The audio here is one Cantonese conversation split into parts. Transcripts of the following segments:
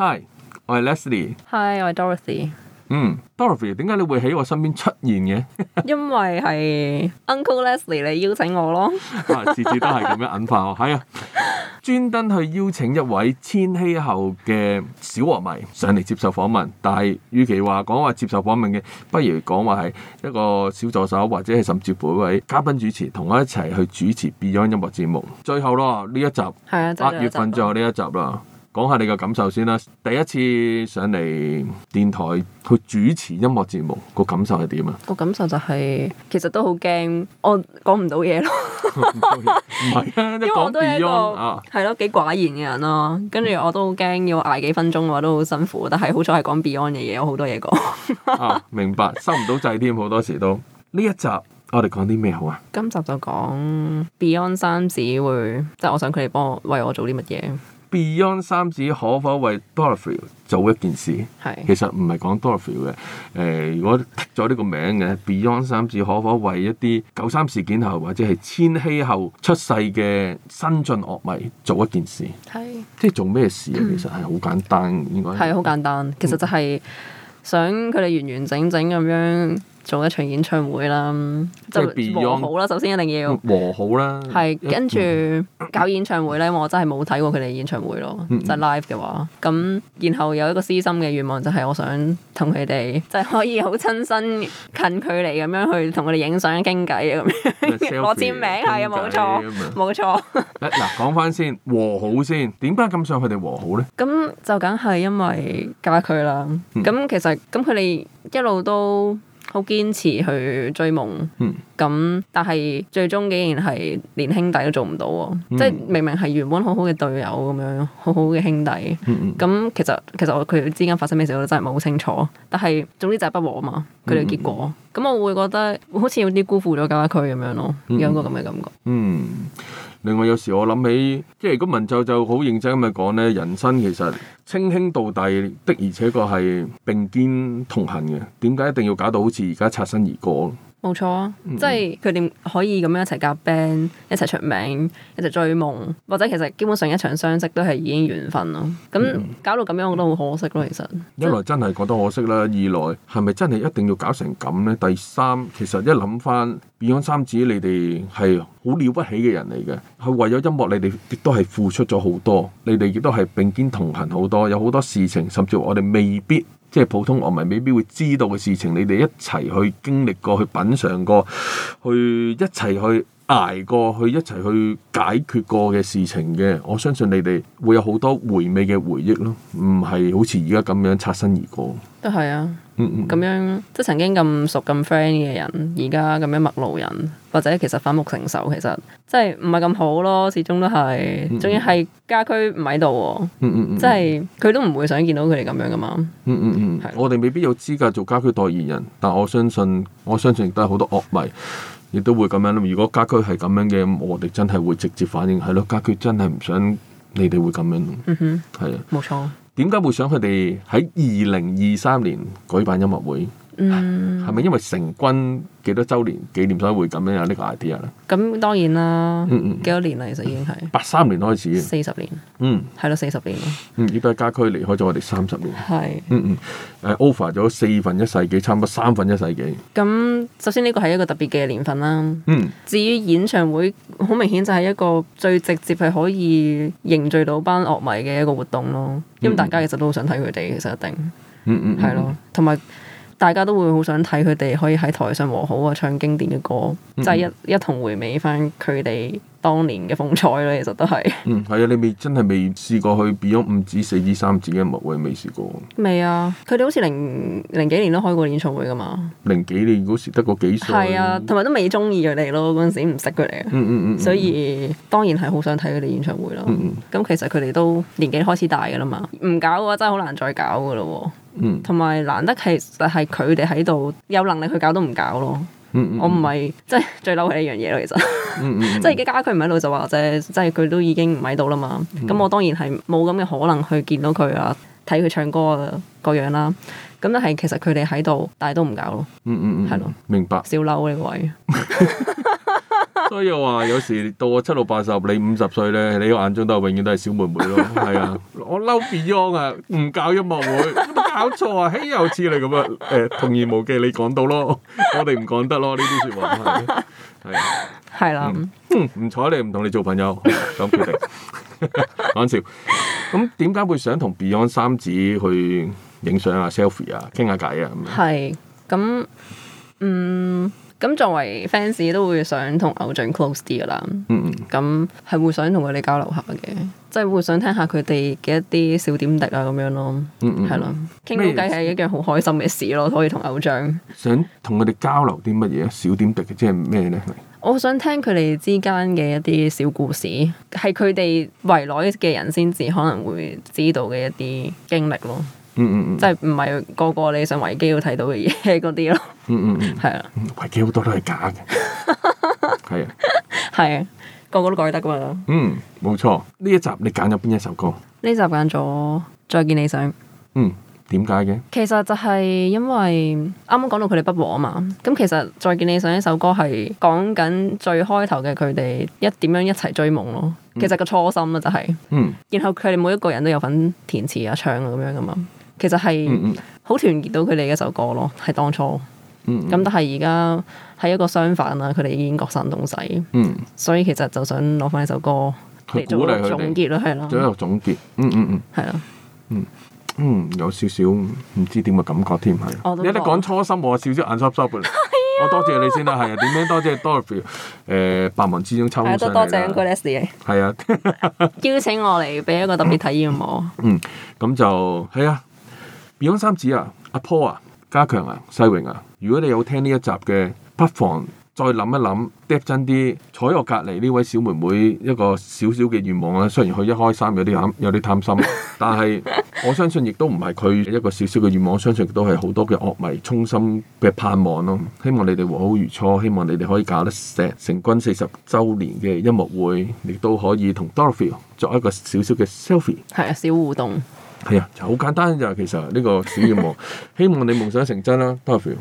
Hi，我係 Leslie。Hi，我係、嗯、Dorothy。嗯，Dorothy，點解你會喺我身邊出現嘅？ 因為係 Uncle Leslie 嚟邀請我咯。次、 啊、次都係咁樣引發我。係 啊，專登去邀請一位千禧後嘅小學迷上嚟接受訪問，但係與其話講話接受訪問嘅，不如講話係一個小助手或者係甚至乎一位嘉賓主持，同我一齊去主持 Beyond 音樂節目。最後咯，呢一集八 月份最後呢一集啦。 講下你嘅感受先啦，第一次上嚟電台去主持音樂節目，個感受係點啊？個感受就係、是、其實都好驚，我講唔到嘢咯，唔係 啊，因為我都係一個係咯幾寡言嘅人咯，跟住我都好驚要挨幾分鐘嘅話都好辛苦，但係好彩係講 Beyond 嘅嘢，我好多嘢講 啊。明白，收唔到掣添，好多時都呢一集我哋講啲咩好啊？今集就講 Beyond 三子會，即、就、係、是、我想佢哋幫我為我做啲乜嘢。Beyond 三子可否為 Dorothy 做一件事？係是其實唔係講 Dorothy 嘅，誒、呃、如果剔咗呢個名嘅 Beyond 三子可否為一啲九三事件後或者係千禧後出世嘅新進樂迷做一件事？係是即係做咩事？嗯、其實係好簡單，應該係好簡單。其實就係想佢哋完完整整咁樣，做一場演唱會啦，就和好啦。首先一定要和，和好啦、啊。係跟住搞演唱會咧，嗯、我真係冇睇過佢哋演唱會咯。即係 live 嘅話，咁然後有一個私心嘅願望就係、是、我想同佢哋即係可以好親身近距離咁樣去同佢哋影相傾偈咁樣攞簽名，係啊冇錯，冇錯。誒嗱，講翻先和好先，點解咁想佢哋和好咧？咁就梗係因為家駒啦。咁其實咁佢哋一路都。 好堅持去追夢，咁、嗯、但係最終竟然係連兄弟都做唔到，嗯、即係明明係原本好好嘅隊友咁樣，好好嘅兄弟，咁、嗯嗯、其實其實我佢哋之間發生咩事我都真係唔係好清楚，但係總之就係不和啊嘛，佢哋嘅結果，咁、嗯、我會覺得好似有啲辜負咗家駒咁樣咯，嗯、有個咁嘅感覺。嗯嗯另外有時我諗起，即係如果文秀就好認真咁樣講咧，人生其實稱兄道弟的，而且確係並肩同行嘅。點解一定要搞到好似而家擦身而過？冇錯啊，錯嗯、即係佢哋可以咁樣一齊夾 band，一齊出名，一齊追夢，或者其實基本上一場相識都係已經緣分咯。咁搞到咁樣，我覺得好可惜咯。其實一、嗯就是、來真係覺得可惜啦，二來係咪真係一定要搞成咁咧？第三，其實一諗翻 Beyond 三子，你哋係好了不起嘅人嚟嘅，佢為咗音樂，你哋亦都係付出咗好多，你哋亦都係並肩同行好多，有好多事情，甚至我哋未必。即係普通樂迷未必會知道嘅事情，你哋一齊去經歷過，去品嚐過，去一齊去，捱過去一齊去解決過嘅事情嘅，我相信你哋會有好多回味嘅回憶咯。唔係好似而家咁樣擦身而過。都係啊，嗯嗯，咁樣即係曾經咁熟咁 friend 嘅人，而家咁樣陌路人，或者其實反目成仇，其實即係唔係咁好咯。始終都係，仲要係家駒唔喺度喎。嗯嗯嗯，即係佢都唔會想見到佢哋咁樣噶嘛。嗯嗯嗯，係，我哋未必有資格做家駒代言人，但我相信，我相信亦都係好多惡迷。亦都會咁樣咯。如果家駒係咁樣嘅，我哋真係會直接反應係咯。家駒真係唔想你哋會咁樣。嗯哼，係啊的，冇錯。點解會想佢哋喺二零二三年舉辦音樂會？嗯，係咪因為成軍幾多周年紀念所以會咁樣啊？呢個 idea 咧，咁當然啦，嗯幾多年啦？其實已經係八三年開始，四十年，嗯，係咯，四十年。嗯，依家家駒離開咗我哋三十年，係，嗯嗯，誒 over 咗四分一世紀，差唔多三分一世紀。咁首先呢個係一個特別嘅年份啦，至於演唱會，好明顯就係一個最直接係可以凝聚到班樂迷嘅一個活動咯，因為大家其實都好想睇佢哋，其實一定，嗯係咯，同埋。大家都會好想睇佢哋可以喺台上和好啊，唱經典嘅歌，即係、嗯、一一同回味翻佢哋當年嘅風采咧。其實都係嗯，係啊，你未真係未試過去 Beyond 五指四指三指嘅一幕，未未試過。未啊！佢哋好似零零幾年都開過演唱會噶嘛。零幾年嗰時得個幾歲？係啊、嗯，同埋都未中意佢哋咯。嗰陣時唔識佢哋，所以當然係好想睇佢哋演唱會咯。咁其實佢哋都年紀開始大嘅啦嘛，唔搞嘅話真係好難再搞嘅咯。同埋、嗯、難得其實係佢哋喺度有能力去搞都唔搞咯。嗯嗯、我唔係即係最嬲係一樣嘢咯，其實、嗯嗯，即係而家家駒唔喺度就話啫，即係佢都已經唔喺度啦嘛。咁、嗯、我當然係冇咁嘅可能去見到佢啊，睇佢唱歌啊個樣啦。咁但係其實佢哋喺度，但係都唔搞咯。嗯嗯嗯，係、嗯嗯、咯，明白。小嬲呢個位， 所以我話有時到我七老八十，你五十歲咧，你個眼中都係永遠都係小妹妹咯。係啊，我嬲 Beyond 啊，唔搞音樂會。 搞錯啊！豈有此理咁啊？誒，童言無忌，你講到咯，我哋唔講得咯，呢啲說話係係啦，唔唔睬你唔同你做朋友咁 決定，講， 笑。咁點解會想同 Beyond 三子去影相啊、 selfie 啊、傾下偈啊？咁樣？係咁，嗯。咁作為 fans 都會想同偶像 close 啲噶啦，嗯，咁係會想同佢哋交流下嘅，即係會想聽下佢哋嘅一啲小點滴啊咁樣咯，嗯嗯，係咯，傾偈係一件好開心嘅事咯，可以同偶像，想同佢哋交流啲乜嘢？小點滴即係咩咧？我想聽佢哋之間嘅一啲小故事，係佢哋圍內嘅人先至可能會知道嘅一啲經歷咯。嗯嗯，即係唔係個個你想維基要睇到嘅嘢嗰啲咯。嗯嗯，係啊。維基好多都係假嘅。係啊，係啊，個個都改得噶嘛。嗯，冇錯。呢一集你揀咗邊一首歌？呢集揀咗《再見理想》。嗯，點解嘅？其實就係因為啱啱講到佢哋不和啊嘛。咁其實《再見理想》呢首歌係講緊最開頭嘅佢哋一點樣一齊追夢咯。嗯、其實個初心啊就係，嗯。然後佢哋每一個人都有份填詞啊、唱啊咁樣噶嘛。其實係好團結到佢哋一首歌咯，係當初。咁但係而家係一個相反啦，佢哋已經各散東西。所以其實就想攞翻一首歌嚟做一個總結咯，係咯。做一個總結，嗯嗯嗯，係咯，嗯嗯，有少少唔知點嘅感覺添係。你一啲講初心，我少少眼濕濕。係啊，我多謝你先啦，係點樣多謝 Dorothy？誒，百忙之中抽時間，多謝你。係啊，邀請我嚟俾一個特別體驗我。嗯，咁就係啊。Beyond 三子啊，阿 Paul 啊，家強啊，世榮啊，如果你有聽呢一集嘅，不妨再諗一諗諗真啲，坐喺我隔籬呢位小妹妹一個少少嘅願望咧。雖然佢一開三有啲有啲貪心，但係我相信亦都唔係佢一個少少嘅願望，我相信亦都係好多嘅樂迷衷心嘅盼望咯。希望你哋和好如初，希望你哋可以搞得成成軍四十週年嘅音樂會，亦都可以同 Dorothy 作一個少少嘅 selfie，係啊，小互動。係啊，就好簡單，就其實呢個主要 希望你夢想成真啦。多謝，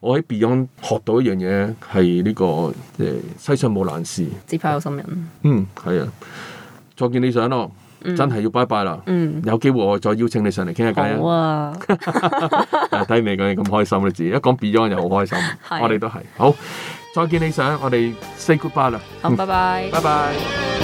我喺 Beyond 學到一樣嘢，係呢個即世上冇難事，只怕有心人。嗯，係啊。再見理想咯，嗯、真係要拜拜啦。嗯，有機會我再邀請你上嚟傾下偈啊。睇未講嘢咁開心，你自己一講 Beyond 就好開心。 的我哋都係好，再見理想，我哋 Say goodbye 啦。 好，拜拜，拜拜。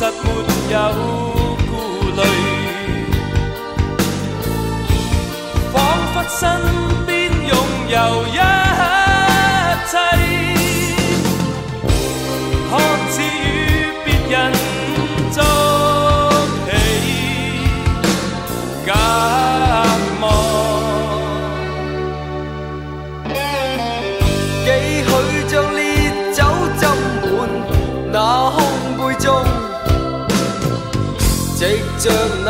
實沒有顧慮，彷彿身邊擁有。